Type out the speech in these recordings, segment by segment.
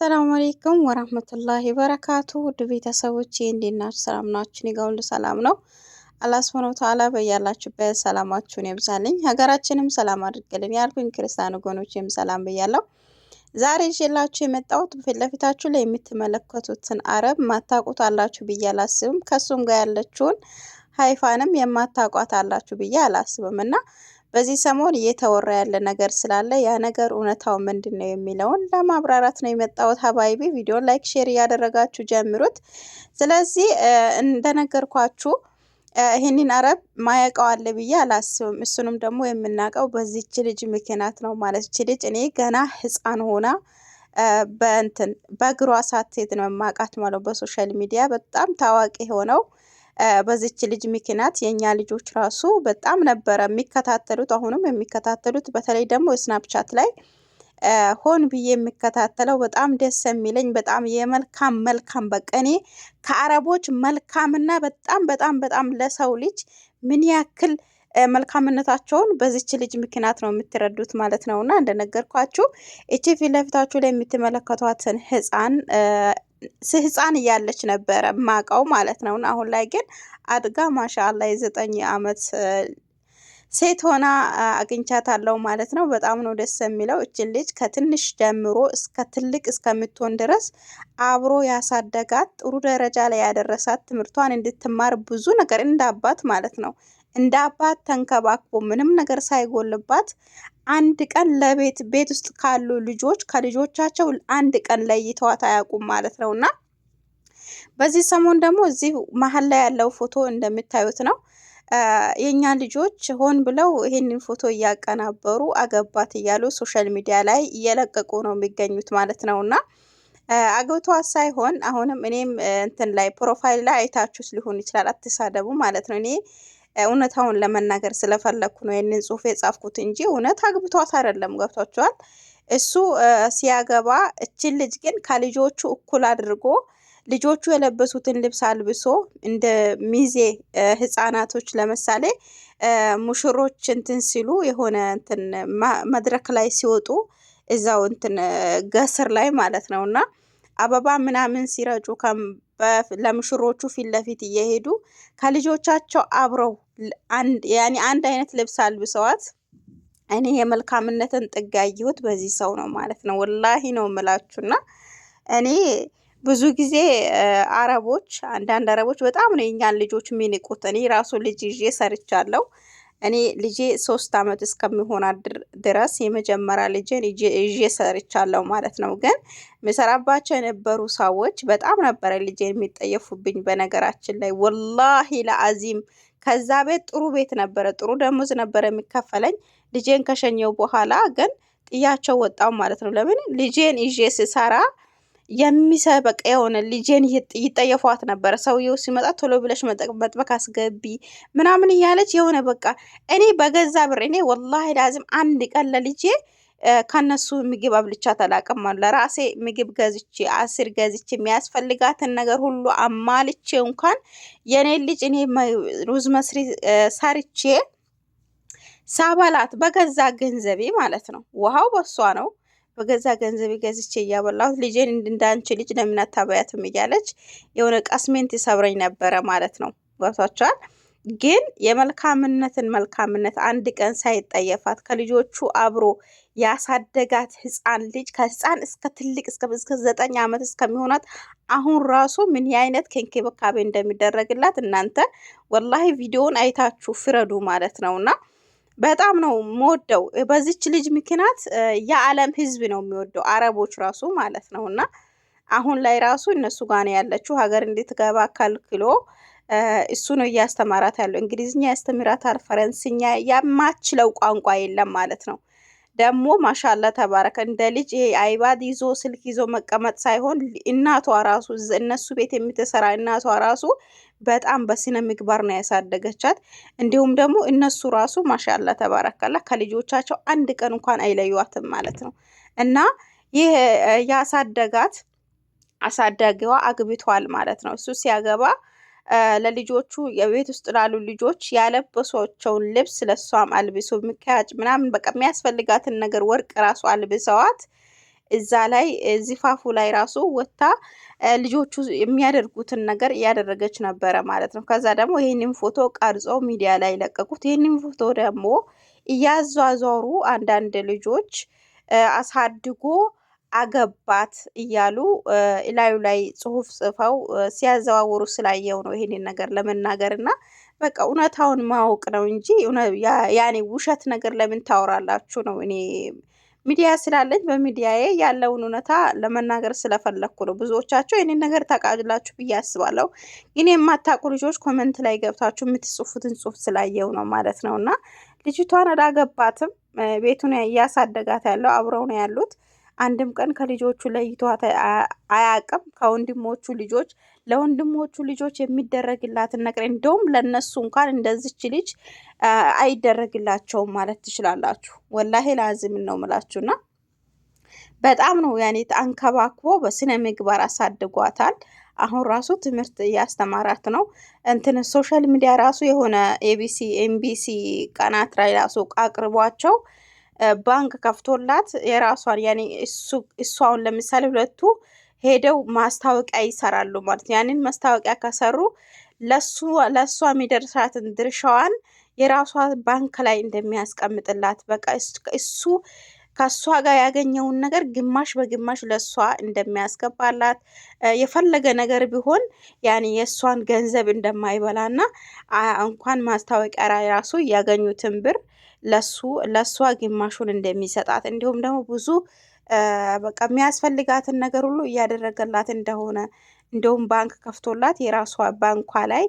ሰላም አለይኩም ወራህመቱላሂ ወበረካቱ ውድ ቤተሰቦቼ እንዴት ናችሁ? ሰላም ናችሁ? እኔ ጋር ሁሉ ሰላም ነው። አላህ ሱብሐነሁ ወተዓላ በያላችሁበት ሰላማችሁን ይብዛልኝ፣ ሀገራችንም ሰላም አድርግልን ያልኩኝ ክርስቲያን ወገኖቼም ሰላም ብያለሁ። ዛሬ ይዤላችሁ የመጣሁት ፊት ለፊታችሁ ላይ የምትመለከቱትን አረብ ማታውቁት አላችሁ ብዬ አላስብም። ከሱም ጋር ያለችውን ሀይፋንም የማታውቋት አላችሁ ብዬ አላስብም እና በዚህ ሰሞን እየተወራ ያለ ነገር ስላለ ያ ነገር እውነታው ምንድን ነው የሚለውን ለማብራራት ነው የመጣሁት። ሀባይቢ ቪዲዮ ላይክ፣ ሼር እያደረጋችሁ ጀምሩት። ስለዚህ እንደነገርኳችሁ ይህንን አረብ ማያውቀው አለ ብዬ አላስብም። እሱንም ደግሞ የምናውቀው በዚች ልጅ ምክንያት ነው ማለት ች ልጅ እኔ ገና ህፃን ሆና በእንትን በእግሯ ሳትሄድ ነው የማውቃት ማለት በሶሻል ሚዲያ በጣም ታዋቂ ሆነው በዚች ልጅ ምክንያት የእኛ ልጆች ራሱ በጣም ነበረ የሚከታተሉት፣ አሁንም የሚከታተሉት በተለይ ደግሞ ስናፕቻት ላይ ሆን ብዬ የሚከታተለው በጣም ደስ የሚለኝ በጣም የመልካም መልካም በቃ እኔ ከአረቦች መልካምና በጣም በጣም በጣም ለሰው ልጅ ምን ያክል መልካምነታቸውን በዚች ልጅ ምክንያት ነው የምትረዱት ማለት ነው። እና እንደነገርኳችሁ እቺ ፊት ለፊታችሁ ላይ የምትመለከቷትን ህፃን ህፃን እያለች ነበረ ማቀው ማለት ነው። አሁን ላይ ግን አድጋ ማሻአላ የዘጠኝ አመት ሴት ሆና አግኝቻታለሁ ማለት ነው። በጣም ነው ደስ የሚለው። እችን ልጅ ከትንሽ ጀምሮ እስከ ትልቅ እስከምትሆን ድረስ አብሮ ያሳደጋት ጥሩ ደረጃ ላይ ያደረሳት ትምህርቷን እንድትማር ብዙ ነገር እንደ አባት ማለት ነው እንደ አባት ተንከባክቦ ምንም ነገር ሳይጎልባት አንድ ቀን ለቤት ቤት ውስጥ ካሉ ልጆች ከልጆቻቸው አንድ ቀን ለይተዋት አያውቁም ማለት ነው። እና በዚህ ሰሞን ደግሞ እዚህ መሀል ላይ ያለው ፎቶ እንደምታዩት ነው። የእኛ ልጆች ሆን ብለው ይህንን ፎቶ እያቀናበሩ አገባት እያሉ ሶሻል ሚዲያ ላይ እየለቀቁ ነው የሚገኙት ማለት ነው እና አግብቷት ሳይሆን አሁንም እኔም እንትን ላይ ፕሮፋይል ላይ አይታችሁት ሊሆን ይችላል። አትሳደቡ ማለት ነው እኔ እውነታውን ለመናገር ስለፈለግኩ ነው ይህንን ጽሁፍ የጻፍኩት እንጂ እውነት አግብቷት አይደለም። ገብቷችኋል? እሱ ሲያገባ እችን ልጅ ግን ከልጆቹ እኩል አድርጎ ልጆቹ የለበሱትን ልብስ አልብሶ እንደ ሚዜ ህፃናቶች ለምሳሌ ሙሽሮች እንትን ሲሉ የሆነ እንትን መድረክ ላይ ሲወጡ እዛው እንትን ገስር ላይ ማለት ነው እና አበባ ምናምን ሲረጩ ለምሽሮቹ ፊት ለፊት እየሄዱ ከልጆቻቸው አብረው ያኔ አንድ አይነት ልብስ አልብሰዋት እኔ የመልካምነትን ጥግ ያየሁት በዚህ ሰው ነው ማለት ነው። ወላሂ ነው ምላችሁና እኔ ብዙ ጊዜ አረቦች አንዳንድ አረቦች በጣም ነው የኛን ልጆች የሚንቁት። እኔ ራሱ ልጅ ይዤ ሰርቻለሁ። እኔ ልጄ ሶስት አመት እስከሚሆን ድረስ የመጀመሪያ ልጄን ይዤ ሰርቻለሁ ማለት ነው። ግን ምሰራባቸው የነበሩ ሰዎች በጣም ነበረ ልጄን የሚጠየፉብኝ። በነገራችን ላይ ወላሂ ለአዚም ከዛ ቤት ጥሩ ቤት ነበረ፣ ጥሩ ደሞዝ ነበረ የሚከፈለኝ። ልጄን ከሸኘው በኋላ ግን ጥያቸው ወጣው ማለት ነው። ለምን ልጄን ይዤ ስሰራ የሚሰበቅ በቃ የሆነ ልጄን ይጠየፏት ነበረ። ሰውየው ሲመጣ ቶሎ ብለሽ መጥበቅ አስገቢ ምናምን እያለች የሆነ በቃ እኔ በገዛ ብር እኔ ወላሂ ላዝም አንድ ቀን ለልጄ ከነሱ ምግብ አብልቻ ተላቀማ ለራሴ ምግብ ገዝቼ አስር ገዝቼ የሚያስፈልጋትን ነገር ሁሉ አማልቼ እንኳን የእኔ ልጅ እኔ ሩዝ መስሪ ሰርቼ ሳበላት በገዛ ገንዘቤ ማለት ነው። ውሃው በሷ ነው። በገዛ ገንዘቤ ገዝቼ እያበላሁት ልጄን እንዳንቺ ልጅ ለምን አታበያትም እያለች የሆነ ቃስሜንት ይሰብረኝ ነበረ ማለት ነው። ገብቷቸዋል። ግን የመልካምነትን መልካምነት አንድ ቀን ሳይጠየፋት ከልጆቹ አብሮ ያሳደጋት ህፃን ልጅ ከህፃን እስከ ትልቅ እስከ ዘጠኝ ዓመት እስከሚሆናት አሁን ራሱ ምን አይነት ከእንክብካቤ እንደሚደረግላት እናንተ ወላሂ ቪዲዮውን አይታችሁ ፍረዱ ማለት ነውና በጣም ነው የምወደው። በዚች ልጅ ምክንያት የዓለም ህዝብ ነው የሚወደው፣ አረቦች ራሱ ማለት ነው። እና አሁን ላይ ራሱ እነሱ ጋር ነው ያለችው። ሀገር እንድትገባ ከልክሎ እሱ ነው እያስተማራት ያለው። እንግሊዝኛ ያስተምራታል፣ ፈረንስኛ፣ የማትችለው ቋንቋ የለም ማለት ነው። ደግሞ ማሻላ ተባረከ። እንደ ልጅ ይሄ አይባድ ይዞ ስልክ ይዞ መቀመጥ ሳይሆን እናቷ ራሱ እነሱ ቤት የምትሰራ እናቷ ራሱ በጣም በስነ ምግባር ነው ያሳደገቻት። እንዲሁም ደግሞ እነሱ ራሱ ማሻላ ተባረከላ ከልጆቻቸው አንድ ቀን እንኳን አይለዩዋትም ማለት ነው እና ይህ ያሳደጋት አሳዳጊዋ አግብቷል ማለት ነው እሱ ሲያገባ ለልጆቹ የቤት ውስጥ ላሉ ልጆች ያለበሷቸውን ልብስ ለሷም አልብሶ ምካያጭ ምናምን በቃ የሚያስፈልጋትን ነገር ወርቅ ራሱ አልብሰዋት እዛ ላይ ዚፋፉ ላይ ራሱ ወታ ልጆቹ የሚያደርጉትን ነገር እያደረገች ነበረ ማለት ነው። ከዛ ደግሞ ይህንን ፎቶ ቀርጾ ሚዲያ ላይ ለቀቁት። ይህንን ፎቶ ደግሞ እያዟዟሩ አንዳንድ ልጆች አሳድጎ አገባት እያሉ እላዩ ላይ ጽሁፍ ጽፈው ሲያዘዋውሩ ስላየው ነው ይሄንን ነገር ለመናገር እና በቃ እውነታውን ማወቅ ነው እንጂ ያኔ ውሸት ነገር ለምን ታወራላችሁ ነው። እኔ ሚዲያ ስላለኝ በሚዲያዬ ያለውን እውነታ ለመናገር ስለፈለግኩ ነው። ብዙዎቻችሁ ይህንን ነገር ታውቃላችሁ ብዬ አስባለሁ። ግን የማታውቁ ልጆች ኮመንት ላይ ገብታችሁ የምትጽፉትን ጽሁፍ ስላየው ነው ማለት ነው። እና ልጅቷን አላገባትም። ቤቱን እያሳደጋት ያለው አብረው ነው ያሉት አንድም ቀን ከልጆቹ ለይቷት አያቅም። ከወንድሞቹ ልጆች ለወንድሞቹ ልጆች የሚደረግላትን ነገር እንደውም ለእነሱ እንኳን እንደዚች ልጅ አይደረግላቸውም ማለት ትችላላችሁ። ወላሄ ላዝም ነው ምላችሁና በጣም ነው ያኔ አንከባክቦ በስነ ምግባር አሳድጓታል። አሁን ራሱ ትምህርት እያስተማራት ነው። እንትን ሶሻል ሚዲያ ራሱ የሆነ ኤቢሲ ኤምቢሲ ቀናት ላይ ራሱ አቅርቧቸው ባንክ ከፍቶላት የራሷን ያኔ እሱ አሁን ለምሳሌ ሁለቱ ሄደው ማስታወቂያ ይሰራሉ ማለት ነው። ያንን ማስታወቂያ ከሰሩ ለእሷ የሚደርሳትን ድርሻዋን የራሷ ባንክ ላይ እንደሚያስቀምጥላት በቃ እሱ ከእሷ ጋር ያገኘውን ነገር ግማሽ በግማሽ ለእሷ እንደሚያስገባላት የፈለገ ነገር ቢሆን ያኔ የእሷን ገንዘብ እንደማይበላና እንኳን ማስታወቂያ ራሱ ያገኙትን ብር ለሱ ለእሷ ግማሹን እንደሚሰጣት እንዲሁም ደግሞ ብዙ በቃ የሚያስፈልጋትን ነገር ሁሉ እያደረገላት እንደሆነ እንዲሁም ባንክ ከፍቶላት የራሷ ባንኳ ላይ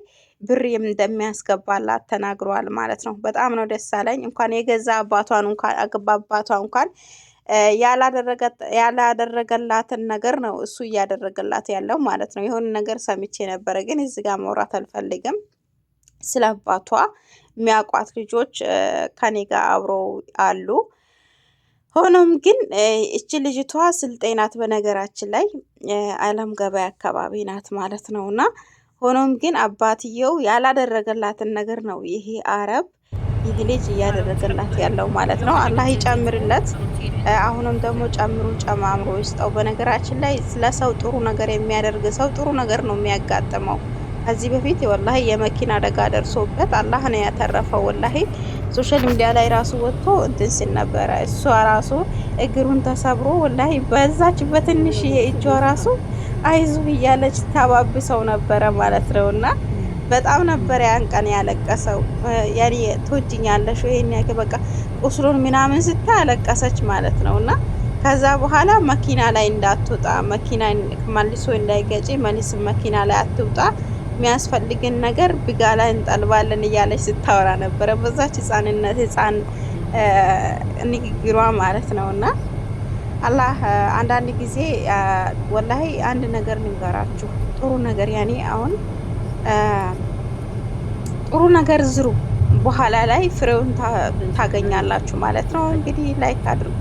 ብር እንደሚያስገባላት ተናግረዋል ማለት ነው። በጣም ነው ደስ አለኝ። እንኳን የገዛ አባቷን እንኳን አባቷ እንኳን ያላደረገላትን ነገር ነው እሱ እያደረገላት ያለው ማለት ነው። የሆነ ነገር ሰምቼ ነበረ፣ ግን እዚህ ጋር መውራት አልፈልግም። ስለ አባቷ የሚያውቋት ልጆች ከኔ ጋር አብረው አሉ። ሆኖም ግን እቺ ልጅቷ ስልጤ ናት። በነገራችን ላይ አለም ገበያ አካባቢ ናት ማለት ነው እና ሆኖም ግን አባትየው ያላደረገላትን ነገር ነው ይሄ አረብ ይህ ልጅ እያደረገላት ያለው ማለት ነው። አላህ ይጨምርለት። አሁንም ደግሞ ጨምሮ ጨማምሮ ይስጠው። በነገራችን ላይ ለሰው ጥሩ ነገር የሚያደርግ ሰው ጥሩ ነገር ነው የሚያጋጥመው። ከዚህ በፊት ወላሂ የመኪና አደጋ ደርሶበት አላህ ነው ያተረፈው። ወላሂ ሶሻል ሚዲያ ላይ ራሱ ወጥቶ እንትን ሲል ነበረ። እሷ ራሱ እግሩን ተሰብሮ ወላሂ በዛች በትንሽ የእጇ ራሱ አይዞህ እያለች ታባብሰው ነበረ ማለት ነው። እና በጣም ነበረ ያን ቀን ያለቀሰው። ያኔ ትወጂኛለሽ ይሄን ያገ በቃ ቁስሉን ምናምን ስታ ያለቀሰች ማለት ነው። እና ከዛ በኋላ መኪና ላይ እንዳትወጣ መኪና መልሶ እንዳይገጭ መልስ መኪና ላይ አትውጣ የሚያስፈልግን ነገር ብጋ ላይ እንጠልባለን እያለች ስታወራ ነበረ። በዛች ህጻንነት ህጻን ንግግሯ ማለት ነው እና አላህ አንዳንድ ጊዜ ወላሂ አንድ ነገር ንገራችሁ ጥሩ ነገር ያኔ አሁን ጥሩ ነገር ዝሩ፣ በኋላ ላይ ፍሬውን ታገኛላችሁ ማለት ነው። እንግዲህ ላይክ አድርጉ።